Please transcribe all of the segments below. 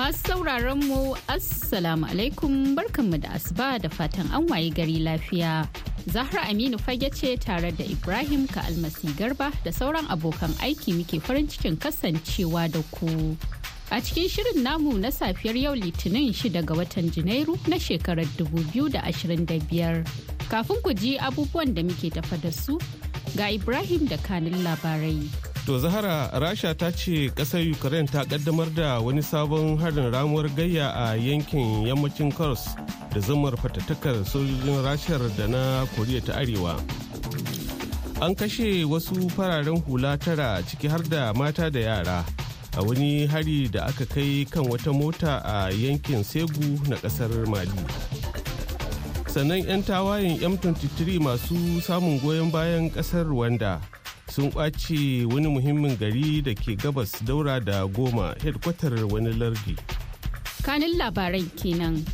Masu sauraron mu Assalamu alaikum barkanmu da asuba da fatan an waye gari lafiya. Zahra Aminu fage ce tare da Ibrahim ka almasi garba da sauran abokan aiki muke farin cikin kasancewa da ku. A cikin shirin namu na safiyar yau Litinin 6 ga watan Janairu na shekarar 2025. Kafin ku ji abubuwan da muke tafa da su, ga Ibrahim da kanin labarai. To Zahara Rasha ta ce ƙasar Ukraine ta ƙaddamar da wani sabon harin ramuwar gayya a yankin yammacin Kars da zamar fatattakar sojojin Rashar da na Koriya ta Arewa. An kashe wasu fararen hula tara ciki har da mata da yara a wani hari da aka kai kan wata mota a yankin Segu na ƙasar Mali. sannan 'yan tawayen m23 masu samun goyon bayan kasar rwanda sun ƙwace wani muhimmin gari da ke gabas daura da goma hedkwatar wani lardi. kanin labarai kenan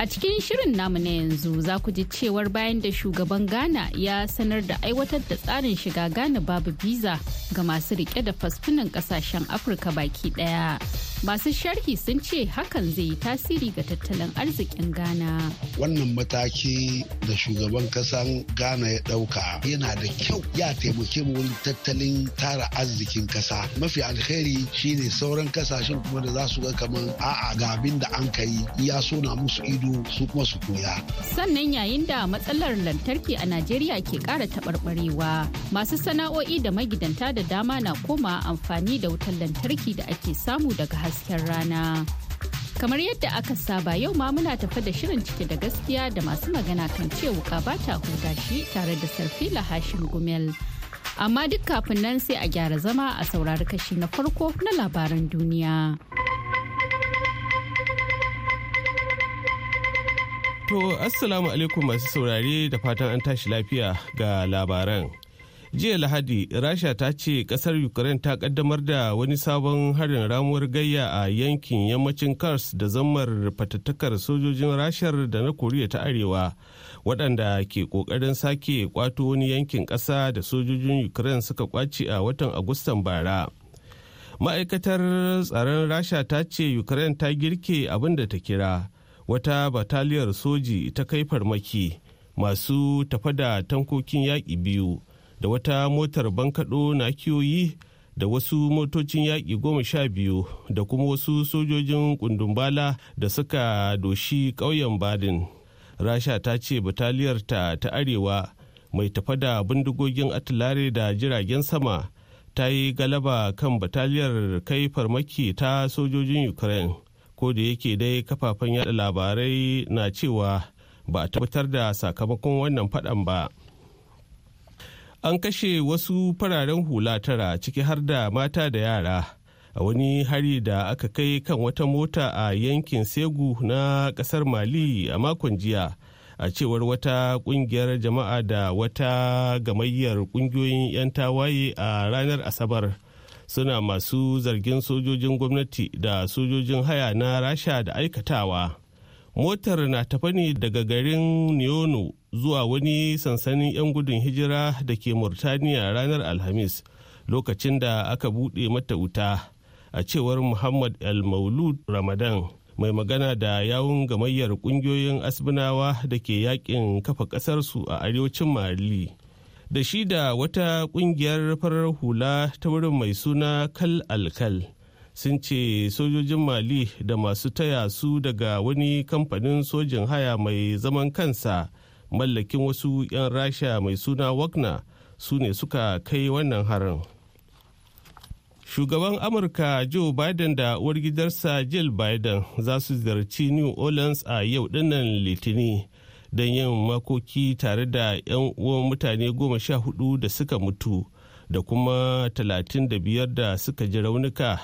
A cikin shirin namu na yanzu za ku ji cewar bayan da shugaban Ghana ya sanar da aiwatar da tsarin shiga Ghana babu biza ga masu rike da fasfinan kasashen Afirka baki daya. Masu sharhi sun ce hakan zai yi tasiri ga tattalin arzikin Ghana. Wannan mataki da shugaban kasan Ghana ya ɗauka yana da kyau ya taimake mu wurin tattalin tara arzikin kasa. Mafi alheri shine sauran kasashen kuma da za su ga kamar a'a ga abin da an kai ya so na musu ido su su kuma su koya. Sannan yayin da matsalar lantarki a Najeriya ke ƙara taɓarɓarewa masu sana'o'i da magidanta da dama na koma amfani da wutar lantarki da ake samu daga hasken rana. Kamar yadda aka saba yau ma muna tafa da shirin cike da gaskiya da masu magana kan ce wuka ba ta huda shi tare da sarfi lahashin gumel. Amma duk kafin nan sai a gyara zama a saurari kashi na farko na labaran duniya. To, Assalamu alaikum masu saurare da fatan an tashi lafiya ga labaran. Jiya Lahadi, Rasha ta ce kasar Ukraine ta kaddamar da wani sabon harin ramuwar gayya a yankin yammacin Kars da zammar fatattakar sojojin Rashar da na Koriya ta Arewa, waɗanda ke ƙoƙarin sake kwato wani yankin ƙasa da sojojin Ukraine suka kwace a watan Agustan bara. Ma'aikatar tsaron Rasha ta ce Ukraine ta girke abin da ta kira. wata bataliyar soji ta kai farmaki masu tafa da tankokin yaƙi biyu da wata motar bankaɗo na kiyoyi da wasu motocin yaƙi goma sha biyu da kuma wasu sojojin kundumbala da suka doshi ƙauyen badin rasha ta ce bataliyar ta ta arewa mai tafa da bindigogin atilare da jiragen sama ta yi galaba kan bataliyar kai farmaki ta sojojin ukraine ko da yake dai kafafen yada labarai na cewa ba a tabbatar da sakamakon wannan faɗan ba an kashe wasu fararen hula tara ciki har da mata da yara a wani hari da aka kai kan wata mota a yankin segu na kasar mali a makon jiya a cewar wata kungiyar jama'a da wata gamayyar kungiyoyin 'yan tawaye a ranar asabar suna masu zargin sojojin gwamnati da sojojin haya na rasha da aikatawa motar na tafa ne daga garin neono zuwa wani sansanin 'yan gudun hijira da ke murtaniya ranar alhamis lokacin da aka buɗe mata wuta a cewar muhammad el maulud ramadan mai magana da yawun gamayyar ƙungiyoyin asbinawa da ke yakin kafa ƙasarsu a arewacin mali da shi da wata kungiyar farar hula ta wurin mai suna kal alkal sun ce sojojin mali da masu taya su daga wani kamfanin sojin haya mai zaman kansa mallakin wasu 'yan rasha mai suna wagner su ne suka kai wannan harin shugaban amurka joe biden da uwar gidarsa jill biden za su ziyarci new orleans a yau dinnan litini don yin makoki tare da 'yan uwan mutane goma sha hudu da suka mutu da kuma talatin da biyar da suka ji raunuka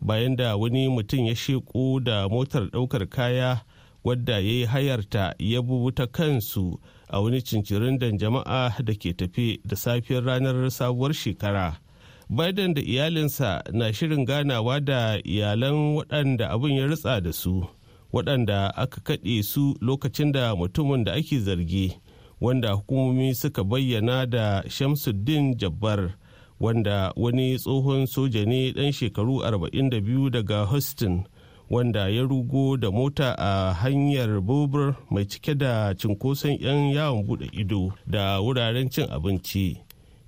bayan da wani mutum ya sheku da motar daukar kaya wadda ya yi hayarta ya ta kansu a wani cincirin da jama'a da ke tafe da safiyar ranar sabuwar shekara biden da iyalinsa na shirin ganawa da iyalan waɗanda abin ya ritsa da su waɗanda aka kaɗe su lokacin da mutumin da ake zargi wanda hukumomi suka bayyana da shamsuddin jabbar wanda wani tsohon soja ne ɗan shekaru 42 daga houston wanda ya rugo da mota a hanyar bobur mai cike da cinkoson 'yan yawon bude ido da wuraren cin abinci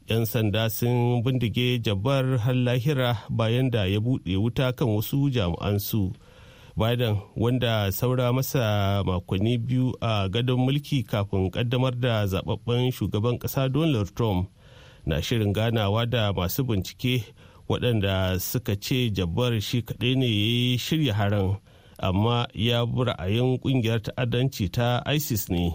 'yan sanda sun bindige jabbar har lahira bayan da ya bude wuta kan wasu jami'an su biden wanda saura masa makonni biyu a gadon mulki kafin kaddamar da zababben shugaban kasa donald trump na shirin ganawa da masu bincike waɗanda suka ce jabbar shi kaɗai ne ya yi shirya haran amma ya bi ra'ayin ƙungiyar ta'addanci ta isis ne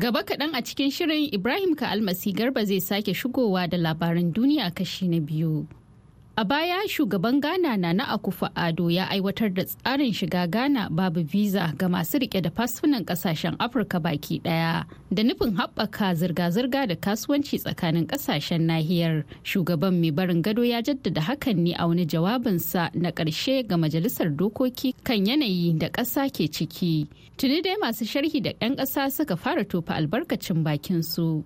gaba kaɗan a cikin shirin ibrahim ka almasi garba zai sake shigowa da labaran duniya kashi na biyu A baya shugaban Ghana na Nana Akufa Ado ya aiwatar da tsarin shiga Ghana babu visa ga masu rike da fasfunan kasashen Afirka baki daya da nufin haɓaka zirga-zirga da kasuwanci tsakanin kasashen nahiyar. Shugaban mai barin gado ya jaddada hakan ne a wani jawabinsa na ƙarshe ga Majalisar Dokoki kan yanayi da ƙasa ke ciki. Tuni dai masu sharhi da 'yan ƙasa suka fara tofa albarkacin bakin su.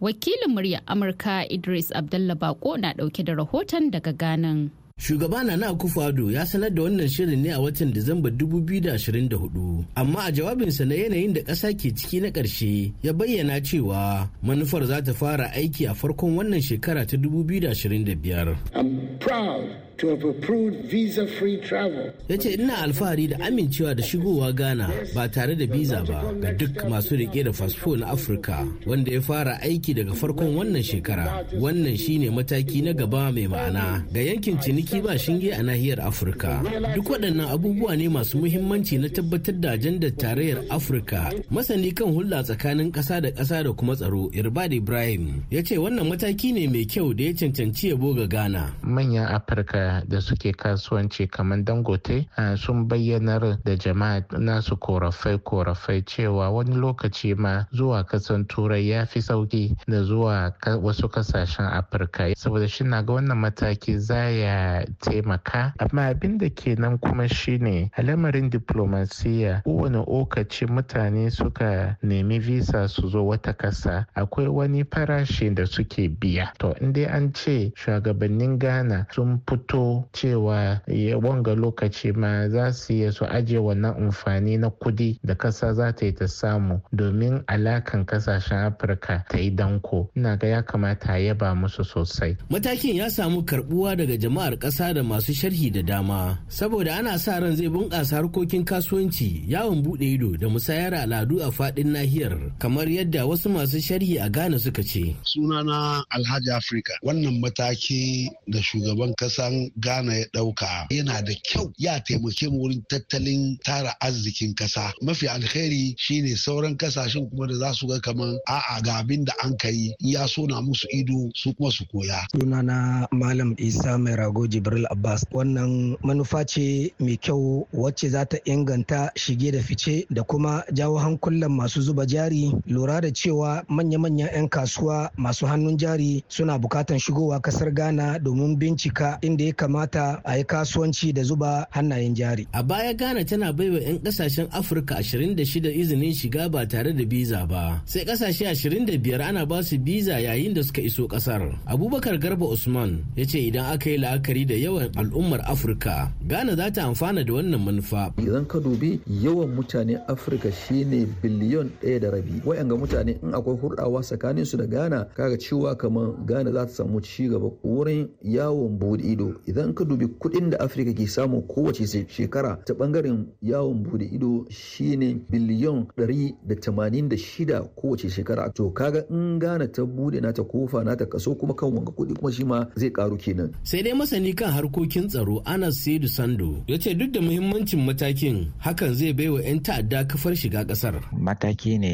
wakilin murya amurka idris abdullah bako na dauke da rahoton daga ganin Shugaba Nana Akufo-Addo ya sanar da wannan shirin ne a watan Disamba 2024, amma a jawabinsa na yanayin da ƙasa ke ciki na ƙarshe ya bayyana cewa manufar za ta fara aiki a farkon wannan shekara ta 2025. I'm to have approved visa-free travel. Ya ce ina alfahari da amincewa da shigowa Ghana ba tare da visa ba ga duk masu riƙe da fasfo na Afirka wanda ya fara aiki daga farkon wannan shekara. Wannan shine mataki na gaba mai ma'ana ga yankin ciniki ba shinge a nahiyar Afirka. Duk waɗannan abubuwa ne masu muhimmanci na tabbatar da ajandar tarayyar Afirka. Masani kan hulɗa tsakanin ƙasa da ƙasa da kuma tsaro Irbad Ibrahim ya ce wannan mataki ne mai kyau da ya cancanci yabo ga Ghana. Manyan Afirka da suke kasuwanci kamar dangote sun bayyanar da jama'a nasu korafai-korafai cewa wani lokaci ma zuwa kasan turai ya fi sauki da zuwa wasu kasashen afirka saboda shi na ga wannan mataki za ya taimaka amma abin da ke nan kuma shine lamarin diplomasiya kowane okaci mutane suka nemi visa su zo wata kasa akwai wani farashi da suke biya to in dai an ce shugabannin ghana sun fito so cewa eh, wanga lokaci ma za su iya su ajiye wannan amfani na kudi da kasa za ta yi ta samu domin alakan kasashen afirka ta yi danko ina ga ya kamata a yaba musu sosai matakin ya samu karbuwa daga jama'ar kasa da masu sharhi da dama saboda ana sa ran zai bunƙasa harkokin kasuwanci yawon bude ido da musayar al'adu a faɗin nahiyar kamar yadda wasu masu sharhi a ghana suka ce sunana alhaji afirka wannan mataki da shugaban kasan Ghana ya ɗauka yana da kyau ya taimake mu wurin tattalin tara arzikin ƙasa. Mafi alheri shine sauran kasashen kuma da za su ga kaman a'a ga abin da an kai ya so na musu ido su kuma su koya. Suna na Malam Isa Mai Rago Jibril Abbas wannan manufa ce mai kyau wacce za ta inganta shige da fice da kuma jawo hankulan masu zuba jari lura da cewa manya-manyan 'yan kasuwa masu hannun jari suna bukatan shigowa kasar Ghana domin bincika inda ya kamata a yi kasuwanci da zuba hannayen jari. A baya Ghana tana baiwa 'yan kasashen Afirka 26 izinin shiga ba tare da biza ba. Sai kasashe 25 ana ba su biza yayin da suka iso kasar. Abubakar Garba Usman ya ce idan aka yi la'akari da yawan al'ummar Afirka, Ghana za ta amfana da wannan manufa. Idan ka dubi yawan mutane Afirka shine biliyon ɗaya da rabi. Wayanga mutane in akwai hurɗawa tsakanin su da Ghana kaga cewa kamar Ghana za ta samu ci gaba wurin yawon buɗe ido idan ka dubi kudin da afirka ke samu kowace shekara ta bangaren yawon bude ido shine biliyon 186 kowace shekara to kaga in gana ta bude nata kofa nata kaso kuma kan wanga kudi kuma shi ma zai karu kenan sai dai masani kan harkokin tsaro anas saidu sando ya ce duk da muhimmancin matakin hakan zai baiwa 'yan ta'adda kafar shiga kasar mataki ne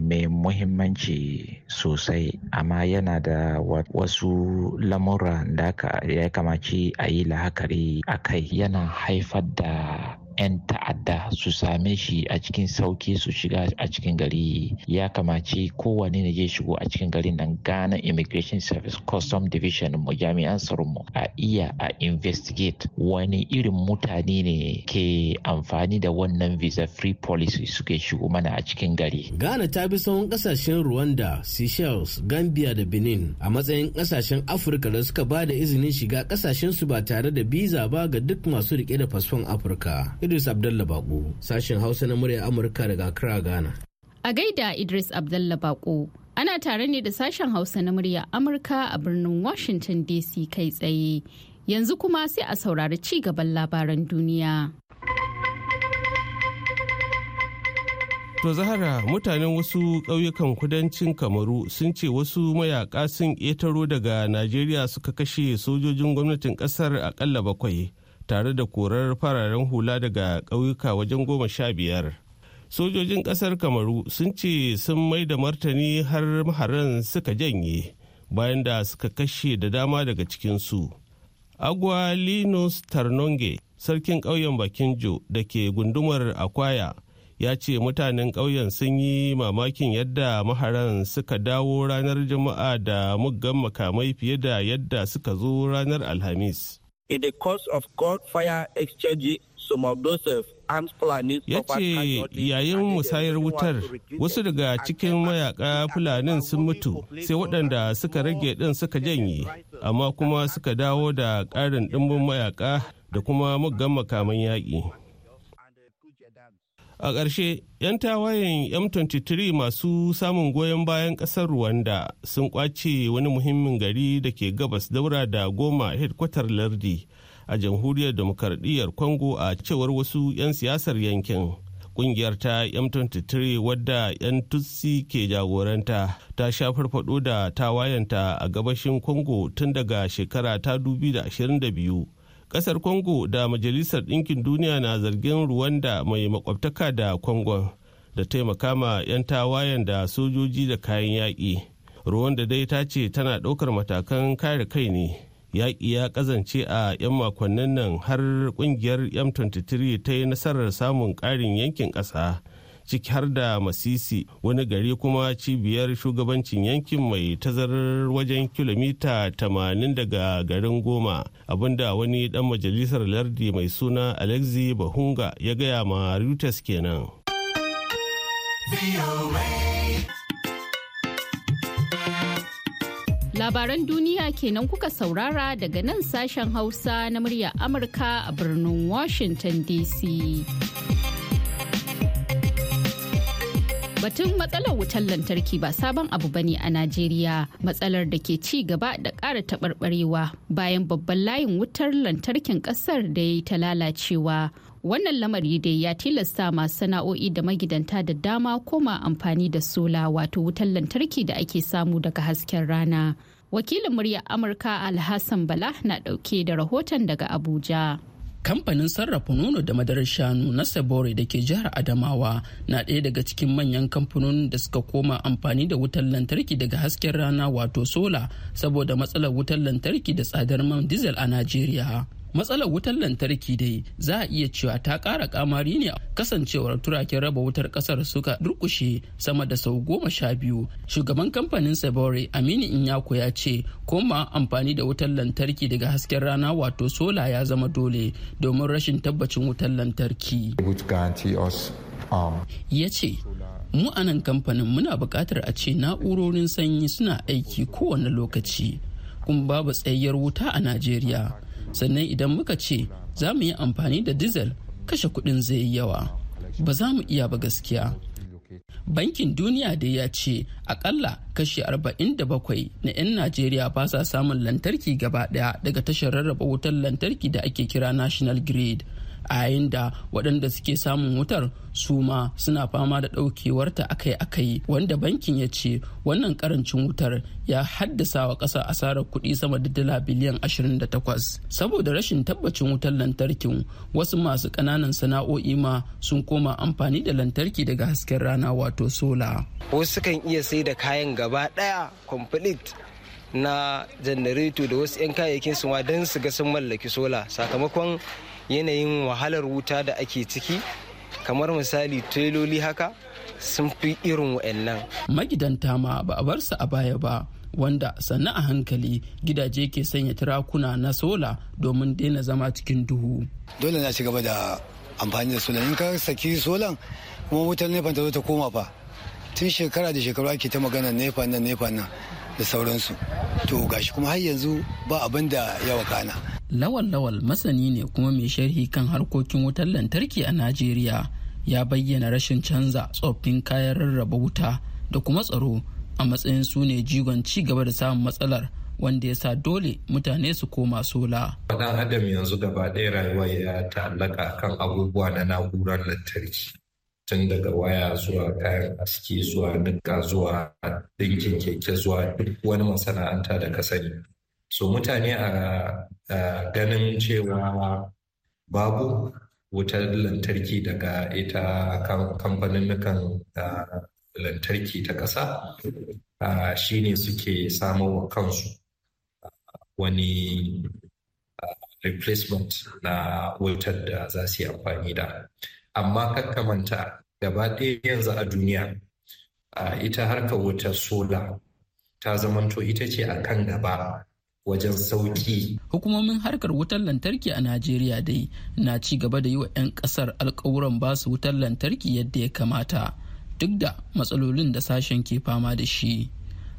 mai muhimmanci sosai amma yana da wasu lamura da ya kamaci shi a yi la'akari a kai yana haifar da 'yan ta'adda su same shi a cikin sauki su shiga a cikin gari ya kamace kowane ne zai shigo a cikin garin nan ghana immigration service custom division mu jami'an tsaron mu a iya a investigate wani irin mutane ne ke amfani da wannan visa free policy suke shigo mana a cikin gari ghana ta bi tsawon kasashen rwanda seychelles gambia da benin a matsayin kasashen afirka da suka ba da izinin shiga kasashen su ba tare da biza ba ga duk masu rike da fasfon afirka Idris Abdalla Bako, sashen Hausa na murya Amurka daga Accra, Ghana. A gaida Idris Abdalla Bako, ana tare ne da sashen Hausa na murya Amurka a birnin Washington DC kai tsaye. Yanzu kuma sai a saurari ci gaban labaran duniya. To Zahara mutanen wasu ƙauyukan kudancin Kamaru sun ce wasu mayaƙa sun ƙetaro daga Najeriya suka kashe sojojin gwamnatin ƙasar aƙalla bakwai tare da korar fararen hula daga ƙauyuka wajen goma sha biyar sojojin ƙasar kamaru sun ce sun mai da martani har maharan suka janye bayan da suka kashe da dama daga cikinsu agwa linus tarnonge sarkin ƙauyen bakinjo da ke gundumar akwaya ya ce mutanen ƙauyen sun yi mamakin yadda maharan suka dawo ranar juma'a da muggan makamai fiye da yadda suka zo ranar alhamis in the course of fire exchange some of those uh, arms planning. ya ce yayin musayar wutar wasu daga cikin mayaka fulanin sun mutu sai waɗanda suka rage ɗin suka janye amma kuma suka dawo da ƙarin ɗimbin mayaka da kuma muggan makaman yaƙi. a ƙarshe 'yan tawayen m23 masu samun goyon bayan ƙasar rwanda sun kwace wani muhimmin gari da ke gabas daura da goma hedkwatar lardi a jamhuriyar demokardiyyar congo a cewar wasu 'yan siyasar yankin ƙungiyar ta m23 wadda 'yan tutsi ke jagoranta ta sha farfado da tawayenta a gabashin congo tun daga shekara ta 2022 kasar congo da majalisar ɗinkin duniya na zargin rwanda mai makwabtaka da congo da taimaka ma 'yan tawayen da sojoji da kayan yaƙi rwanda dai ta ce tana ɗaukar matakan kare kai ne yaƙi ya ƙazance a 'yan makonnin nan har ƙungiyar m23 ta yi nasarar samun ƙarin yankin ƙasa ciki har da masisi wani gari kuma cibiyar shugabancin yankin mai tazarar wajen kilomita 80 daga garin goma abinda wani dan majalisar lardi mai suna alexi bahunga ya gaya ma reuters kenan labaran duniya kenan kuka saurara daga nan sashen hausa na murya amurka a birnin washington dc Batun matsalar wutar lantarki ba sabon abu bane a Najeriya matsalar da ke ci gaba da ƙara taɓarɓarewa bayan babban layin wutar lantarkin ƙasar da ya yi ta lalacewa. Wannan lamari dai ya tilasta masu sana'o'i da magidanta da dama koma amfani da sola wato wutar lantarki da ake samu daga hasken rana. Wakilin muryar Amurka Alhassan Bala na ɗauke da rahoton daga Abuja. kamfanin sarrafa nono da madarar shanu na sabore da ke jihar adamawa na ɗaya daga cikin manyan kamfanonin da suka koma amfani da wutar lantarki daga hasken rana wato sola saboda matsalar wutar lantarki da tsadar man diesel a najeriya matsalar wutar lantarki dai za a iya cewa ta ƙara kamari ne a kasancewar turakin raba wutar ƙasar suka durkushe sama da sau goma sha biyu shugaban kamfanin sabore aminu inyako ya ce koma amfani da wutar lantarki daga hasken rana wato sola ya zama dole domin rashin tabbacin wutar lantarki um, ya mu a nan kamfanin muna buƙatar a ce na'urorin sanyi suna aiki kowane lokaci kuma babu tsayayyar wuta a najeriya sannan idan muka ce za mu yi amfani da diesel kashe kudin zai yi yawa ba za mu iya ba gaskiya bankin duniya dai ya ce akalla kashi 47 na 'yan najeriya ba sa samun lantarki gaba daya daga tashar rarraba wutar lantarki da ake kira national grid a yayin da waɗanda suke samun wutar su ma suna fama da ɗaukewarta akai-akai wanda bankin ya ce wannan karancin wutar ya haddasa wa ƙasa asarar kuɗi sama da dala biliyan 28 saboda rashin tabbacin wutar lantarkin wasu masu ƙananan sana'o'i ma sun koma amfani da lantarki daga hasken rana wato sola wasu kan iya sai da kayan gaba ɗaya complete na janareto da wasu 'yan kayayyakin su ma don su ga sun mallaki sola sakamakon yanayin wahalar wuta da ake ciki kamar misali teloli haka sun fi irin wa'annan. magidanta ma ba a bar su a baya ba wanda sannan a hankali gidaje ke sanya tirakuna na sola domin daina zama cikin duhu dole na ci gaba da amfani da sola in ka saki solan kuma wutar nefa ta zo ta koma fa tun shekara da shekaru ake ta magana nefa nan nefa nan da sauransu to gashi kuma har yanzu ba abin da ya wakana lawal lawal masani ne kuma mai sharhi kan harkokin wutar lantarki a najeriya ya bayyana rashin canza tsoffin kayan rarraba wuta da kuma tsaro a matsayin su ne jigon ci gaba da samun matsalar wanda ya sa dole mutane su koma sola. Wadan adam yanzu gaba ɗaya rayuwa ya ta'allaka kan abubuwa na na'urar lantarki. tun daga waya zuwa kayan aski zuwa nika zuwa dinkin keke zuwa duk wani masana'anta da ka sani so mutane a ganin cewa babu wutar lantarki daga ita kamfanin nukan lantarki ta ƙasa shine suke wa kansu wani replacement na wutar da za su yi amfani da amma kakkamanta gaba ɗaya yanzu a duniya ita harkar wutar sola ta zamanto ita ce a kan gaba wajen sauki. Hukumomin harkar wutar lantarki a Najeriya dai na ci gaba da yi wa 'yan ƙasar alkawuran ba su wutar lantarki yadda ya kamata duk da matsalolin da sashen ke fama da shi.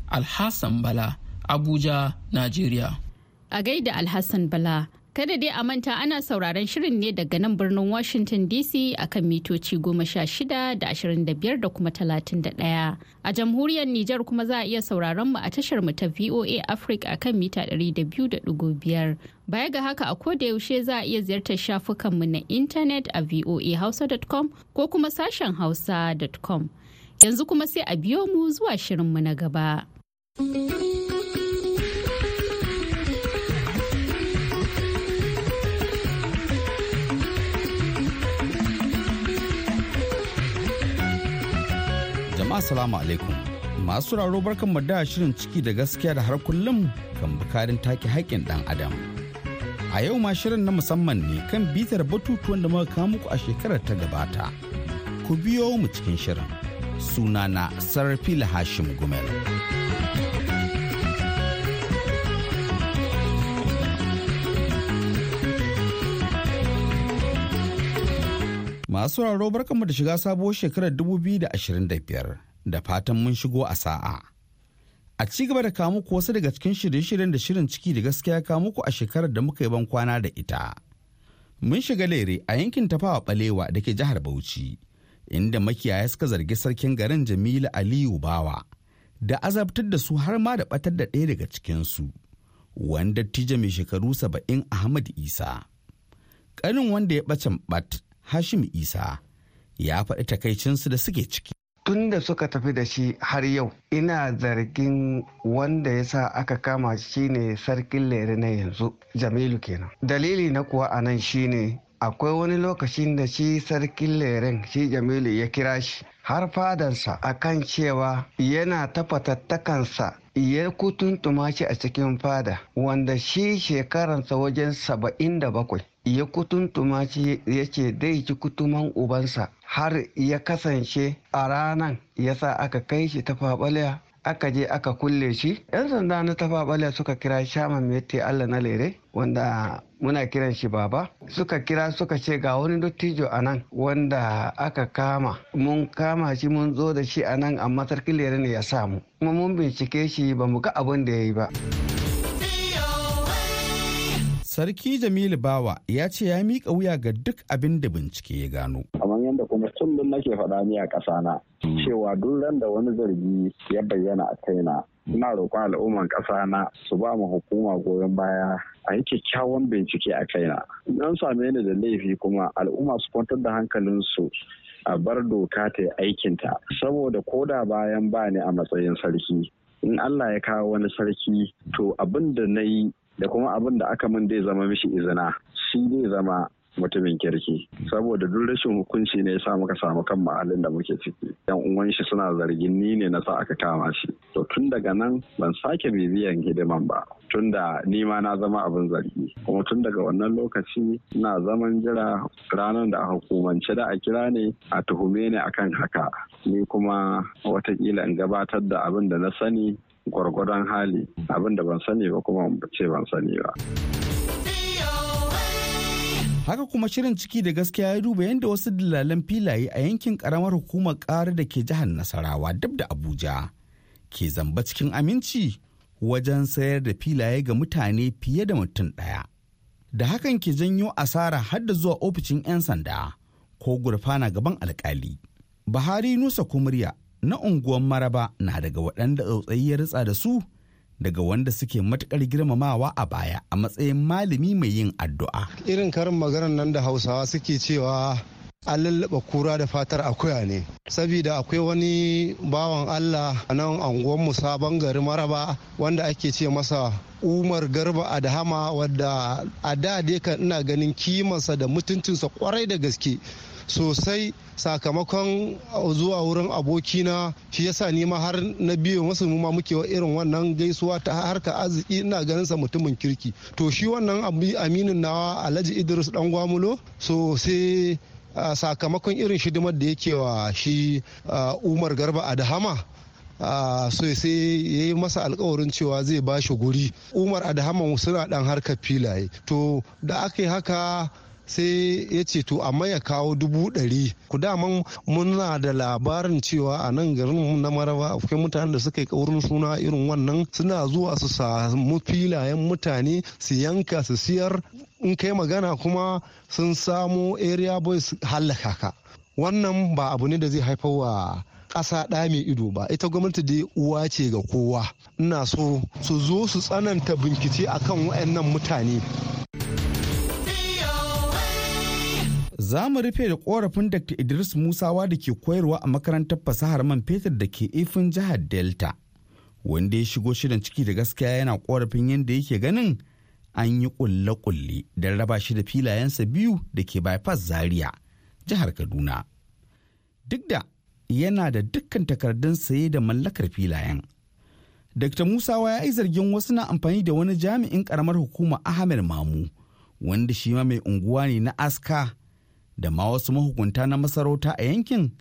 Alhassan Bala, Abuja, Najeriya. A gaida Alhassan Bala, Kada dai a manta ana sauraron shirin ne daga nan birnin Washington DC akan mitoci goma sha shida da ashirin da biyar da kuma talatin da ɗaya. A jamhuriyar Nijar kuma za a iya sauraron mu a tashar mu ta VOA Africa akan mita ɗari da biyu da ɗigo biyar. Baya ga haka a koda yaushe za a iya ziyartar shafukanmu na intanet a voahausa.com ko kuma sashen hausa.com. Yanzu kuma sai a biyo mu zuwa shirin mu na gaba. Assalamu alaikum masu raro barkan mu da shirin ciki da gaskiya da har kullum kan bukarin take haƙƙin ɗan adam a yau ma shirin na musamman ne kan bitar batutuwan da muka kawo muku a shekarar ta gabata ku biyo mu cikin shirin suna na sarfi hashim gumel masu raro barkan da shiga sabuwar shekarar 2025 da fatan mun shigo a sa'a. A ci gaba da kamu muku wasu daga cikin shirye-shiryen da shirin ciki da gaskiya kamu muku a shekarar da muka yi ban kwana da ita. Mun shiga lere a yankin tafawa balewa da ke jihar Bauchi, inda makiyaya suka zargi sarkin garin Jamilu Aliyu Bawa da azabtar da su har ma da batar da ɗaya daga cikinsu, wanda tija mai shekaru saba'in Ahmad Isa. Ƙanin wanda ya ɓacin ɓat Hashim Isa ya faɗi takaicinsu da suke ciki. tun da suka tafi da shi har yau ina zargin wanda ya sa aka kama shi ne sarkin lere na yanzu jamilu kenan dalili na kuwa a nan shine akwai wani lokacin da shi sarkin leren shi jamilu ya kira shi har fadarsa kan cewa yana ta fatattakansa ya kutuntuma shi a cikin fada wanda shi shekaransa wajen saba'in da bakwai ya kutuntuma shi ya ce dai ci kutuman ubansa har ya kasance a ranan ya sa aka kai shi ta faɓalya aka je aka kulle shi yan sanda na tafa tafaɓale suka kira shaman mete allah na lere wanda muna kiran shi baba suka kira suka ce ga wani dottijo a nan wanda aka kama mun kama shi mun zo da shi a nan amma sarki lere ne ya samu kuma mun bincike shi ba mu ga abin da ya yi ba sarki jamilu bawa ya ce ya miƙa wuya ga duk abin da bincike ya gano kullum nake faɗa ni a ƙasa na mm. cewa duk ran da wani zargi ya bayyana a kaina mm. ina roƙon al'umman ƙasa na su ba mu hukuma goyon baya a yi kyakkyawan bincike a kaina don same ni da laifi kuma al'umma su kwantar da hankalinsu a bar doka ta yi aikinta saboda da bayan ba ni a matsayin sarki in Allah ya kawo wani sarki to abin da na yi da kuma abin da aka min zai zama mishi izina shi zai zama mutumin kirki saboda duk rashin hukunci ne yasa muka samu kan halin da muke ciki yan uwan shi suna zargin ni ne na sa aka kama shi to tun daga nan ban sake bibiyan hidiman ba tun da ni ma na zama abin zargi kuma tun daga wannan lokaci na zaman jira ranar da a hukumance da a kira ne a tuhume ne akan haka ni kuma watakila in gabatar da abin da na sani gwargwadon hali abin da ban sani ba kuma ce ban sani ba. haka kuma shirin ciki da gaskiya ya duba yadda wasu dillalan filaye a yankin karamar hukumar ƙarar da ke jihar nasarawa dab da abuja ke zamba cikin aminci wajen sayar da filaye ga mutane fiye da mutum ɗaya da hakan ke janyo asara har da zuwa ofishin 'yan sanda ko gurfana gaban alkali buhari nusa kumriya na unguwar maraba na daga waɗanda tsautsayi ya ritsa da su daga wanda suke matukar girmamawa a baya a matsayin malami mai yin addu'a. Irin karin maganar nan da Hausawa suke cewa an lallaba kura da fatar akuya ne Sabida akwai wani bawan allah a nan anguwan sabon gari maraba wanda ake ce masa umar garba adahama wadda a da dai ina ganin kimansa da mutuncinsa kwarai da gaske sosai sakamakon zuwa wurin abokina shi yasa ni ma har na biyu masu ma muke irin wannan gaisuwa ta harka arziki ina ganin sa mutumin kirki to shi wannan aminin nawa alhaji idris dan gwamulo so sakamakon irin shidimar da yake wa shi umar garba adahama so sai ya yi masa alkawarin cewa zai ba shi guri umar adahama suna dan harka filaye to da aka yi haka sai ya ce to amma ya kawo dubu ɗari ku daman muna da labarin cewa a nan garin na maraba akwai mutanen da suka yi kaurin suna irin wannan suna zuwa su samu filayen mutane su yanka su siyar in kai magana kuma sun samo area boys hallaka ka wannan ba abu ne da zai haifar wa ƙasa ɗa mai ido ba ita gwamnati dai uwa ce ga kowa ina so su zo su tsananta bincike akan waɗannan mutane Za mu rufe da korafin Dr. Idris Musawa da ke koyarwa a makarantar fasahar man fetur da ke ifin jihar Delta. Wanda ya shigo shirin ciki da gaskiya yana korafin yadda yake ganin an yi kulle-kulle don raba shi da filayensa biyu da ke bypass Zaria, jihar Kaduna. Duk da yana da dukkan takardun saye da mallakar filayen. Dr. Musawa ya yi zargin wasu na amfani da wani jami'in karamar hukuma Ahmed Mamu, wanda shi ma mai unguwa ne na aska da ma wasu mahukunta na masarauta a yankin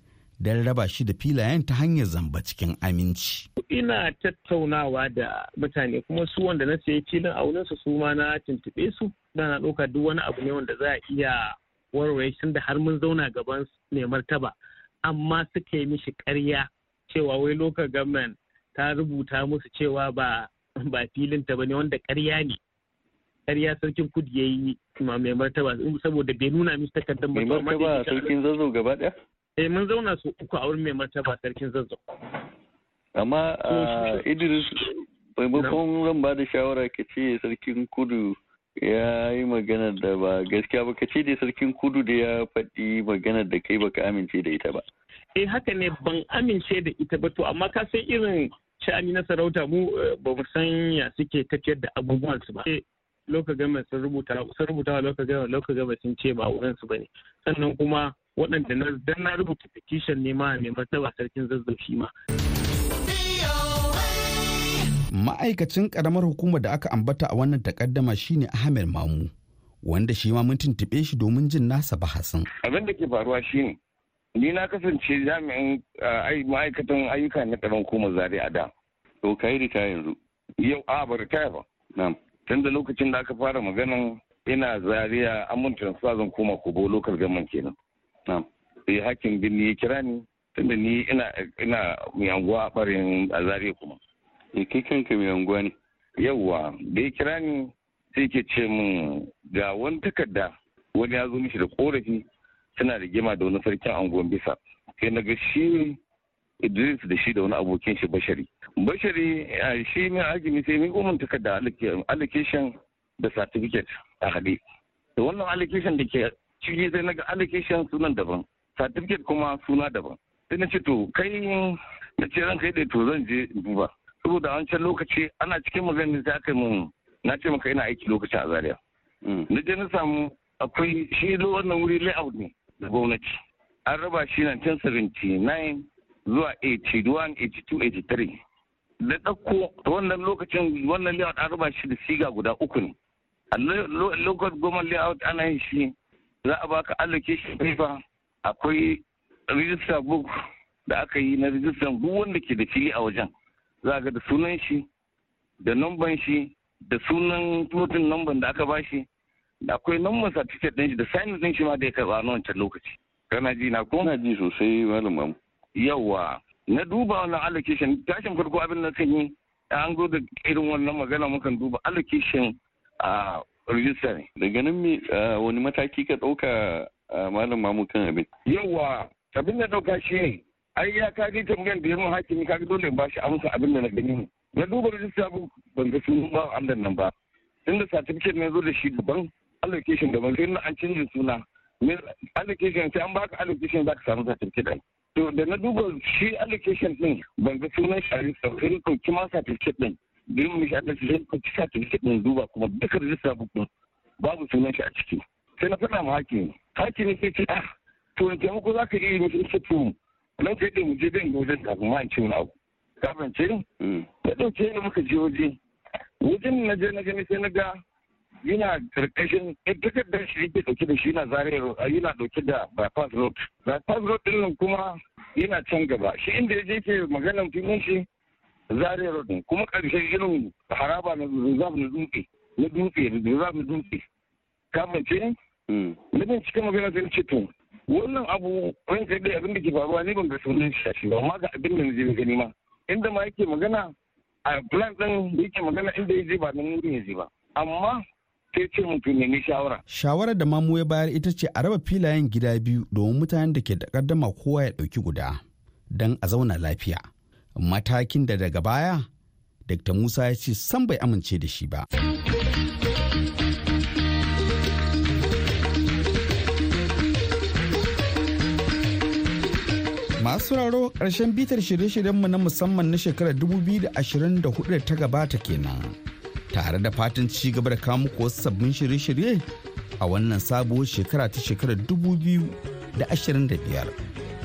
don raba shi da filayen ta hanyar zamba cikin aminci. Ina tattaunawa da mutane kuma su wanda na sayi filin a su su ma na tuntuɓe su da na ɗauka duk wani abu ne wanda za a iya warware shi da har mun zauna gaban ne martaba? amma suka yi mishi ƙarya cewa wai local government ta rubuta musu cewa ba ba filin ta bane wanda ƙarya ne ƙarya sarkin kudu ya yi ma mai martaba saboda bai nuna mishi takardar mai martaba sarkin zazzau gaba ɗaya? eh mun zauna su uku a wurin mai martaba sarkin zazzau. amma ah, idris maimakon zan ba da shawara ka ce sarkin kudu ya yi magana da ba gaskiya ba ka ce da sarkin kudu da ya faɗi magana da kai baka amince da ita ba eh haka ne ban amince da ita ba to amma ka san irin sha'ani na sarauta mu eh, ba mu san ya suke tafiyar da abubuwan su ba eh, loka gama sun rubuta sun rubuta wa loka gama loka gama sun ce ba wurin su bane sannan kuma waɗanda na dan na rubuta petition ne ma mai martaba sarkin zazzafi ma ma'aikacin karamar hukumar da aka ambata a wannan takaddama shine Ahmed Mamu wanda shi ma mun tuntube shi domin jin nasa bahasin abin da ke faruwa shine ni na kasance jami'in eh, ma'aikatan ayyuka na karamar hukumar zari a da to kai ritaya yanzu yau a bar ta ba na'am tun da lokacin da aka fara maganan ina zaria amintan sa zan koma kobo local gaman kenan sai eh, hakin birni ya kira ni tun da ni ina ina mai a barin a zaria kuma ya eh, kai kanka mai anguwa ne yawwa da ya kira ni sai ke ce min ga wani takarda wani ya zo mishi da korafi da rigima da wani sarkin anguwan bisa sai na ga shi Idris da shi da wani abokin shi Bashari. Bashari shi ne ajimi sai ni umar kada allocation da certificate a haɗe. Da wannan allocation da ke ciki sai naga allocation sunan daban, certificate kuma suna daban. Sai na ce to kai na ce ran kai da to zan je duba. Saboda a wancan lokaci ana cikin maganin sai aka mun na ce maka ina aiki lokacin a Zaria. Mm. Na je na samu akwai shi wannan wuri layout ne da gwamnati. An raba shi 1979 zuwa 81 82 83 da ɗauko wannan lokacin wannan layout an raba shi da siga guda uku ne a lokacin government layout ana yin shi za a baka allocation paper akwai register book da aka yi na register duk wanda ke da fili a wajen za ga da sunan shi da numban shi da sunan plotin numban da aka ba shi da akwai numban certificate din shi da sign din shi ma da ya karba a wancan lokaci kana ji na kuma na ji sosai malam yawa na duba wannan allocation tashin farko abin da kan yi an zo da irin wannan magana mukan duba allocation a register da ganin me wani mataki ka ɗauka malam mamu kan abin yawa abin da ɗauka shi ne ai ya ji tambayar da yamin hakimi ga dole ba shi amsa abin da na gani ne na duba rijista ban ga sunan ba Allah nan ba inda certificate ne zo da shi daban allocation daban sai an canjin suna allocation sai an baka allocation zaka samu certificate To da na duba shi allocation din ban ga sunan shari'a sai na ɗauki ma certificate din. Din mu shi allocation sai na certificate din duba kuma duka rijista din babu sunan shi a ciki. Sai na faɗa ma hakimi. Hakimi sai ce ah to da taimako za ka iya mutum sai to nan sai din mu je bin wajen da ma an ce wani abu. Kafin ce? Ya ce ne muka je waje. Wajen na je na gani sai na ga yana karkashin takardar eh, shi yake dauke da shi na zariyar yana dauke da bypass road bypass road din nan kuma yana can gaba shi inda ya je ke maganar filin shi zariyar road din kuma karshen irin haraba na reserve na dutse na dutse reserve na dutse ce mm. na bin cikin magana sai ce to wannan abu ran kai dai abin da ke faruwa ne ban ga sunan shi ba amma ga abin da na je gani ma inda ma yake magana a plan din yake magana inda ya je ba nan wurin ya je ba amma sai ce mutum nemi shawara. Shawarar da mamu ya bayar ita ce a raba filayen gida biyu domin mutanen da ke da kaddama kowa ya ɗauki guda don a zauna lafiya. Matakin da daga baya, Dr. Musa ya ce san bai amince da shi ba. masu sauraro ƙarshen bitar shirye-shiryenmu na musamman na shekarar 2024 da ta gabata kenan. tare da fatan ci gaba da kawo muku wasu sabbin shirye-shirye a wannan sabuwar shekara ta shekara ashirin da biyar.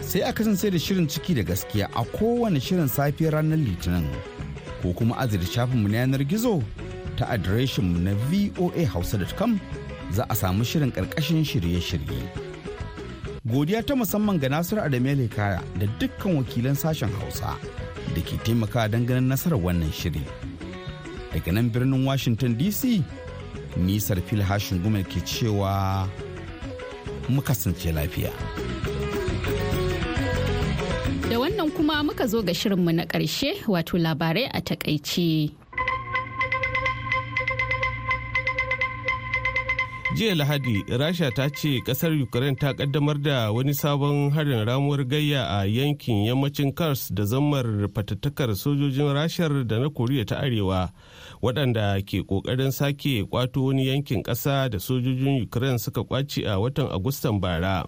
sai a kasance da shirin ciki da gaskiya a kowane shirin safiyar ranar litinin ko kuma azir shafinmu na yanar gizo ta adireshinmu na VOA voahausa.com za a samu shirin karkashin shirye-shirye godiya ta musamman ga nasiru adamele kaya da dukkan wakilan sashen hausa da ke taimaka don ganin nasarar wannan shiri. daga nan birnin washington dc nisar filhashin gumar ke cewa muka kasance lafiya da wannan kuma muka zo ga shirinmu na ƙarshe wato labarai a takaici. jiya lahadi rasha ta ce kasar ukraine ta kaddamar da wani sabon harin ramuwar gayya a yankin yammacin kars da zammar fatattakar sojojin rashar da na koriya ta arewa waɗanda ke ƙoƙarin sake kwato wani yankin ƙasa da sojojin ukraine suka kwace a watan agustan bara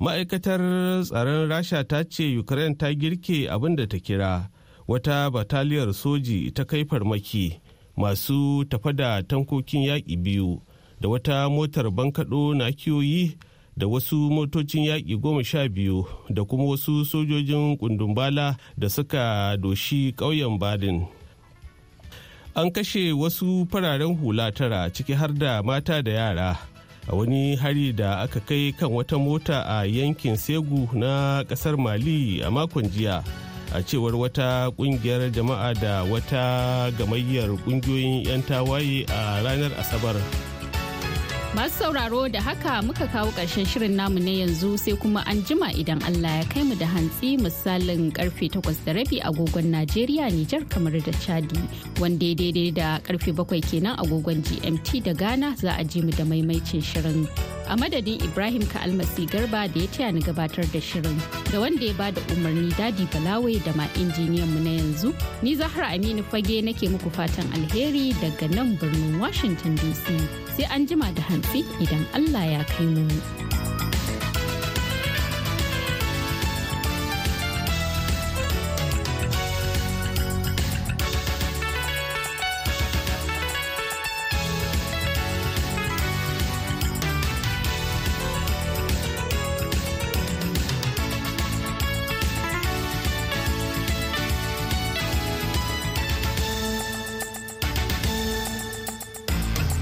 ma'aikatar tsaron rasha ta ce ukraine ta girke abin da ta kira wata bataliyar soji ta kai farmaki masu tafa da tankokin yaƙi biyu da wata motar bankaɗo na kiyoyi da wasu motocin yaƙi goma sha biyu da kuma wasu sojojin kundumbala da suka doshi ƙauyen badin an kashe wasu fararen hula tara ciki har da mata da yara a wani hari da aka kai kan wata mota a yankin segu na ƙasar mali a makon jiya a cewar wata ƙungiyar jama'a da wata gamayyar ƙungiyoyin 'yan tawaye a ranar asabar. Masu sauraro da haka muka kawo ƙarshen shirin namu na yanzu sai kuma an jima idan Allah ya kai mu da hantsi misalin karfe 8 da rabi agogon Najeriya Nijar kamar da Chadi wanda daidai da karfe 7 kenan agogon GMT da Ghana za a ji mu da maimaicin shirin. a madadin ibrahim ka'almasi garba da ya taya ni gabatar da shirin da wanda ya bada umarni dadi balawe da ma injiniyan mu na yanzu ni zahra aminu fage nake muku fatan alheri daga nan birnin washington dc sai an jima da hantsi idan allah ya kai mu.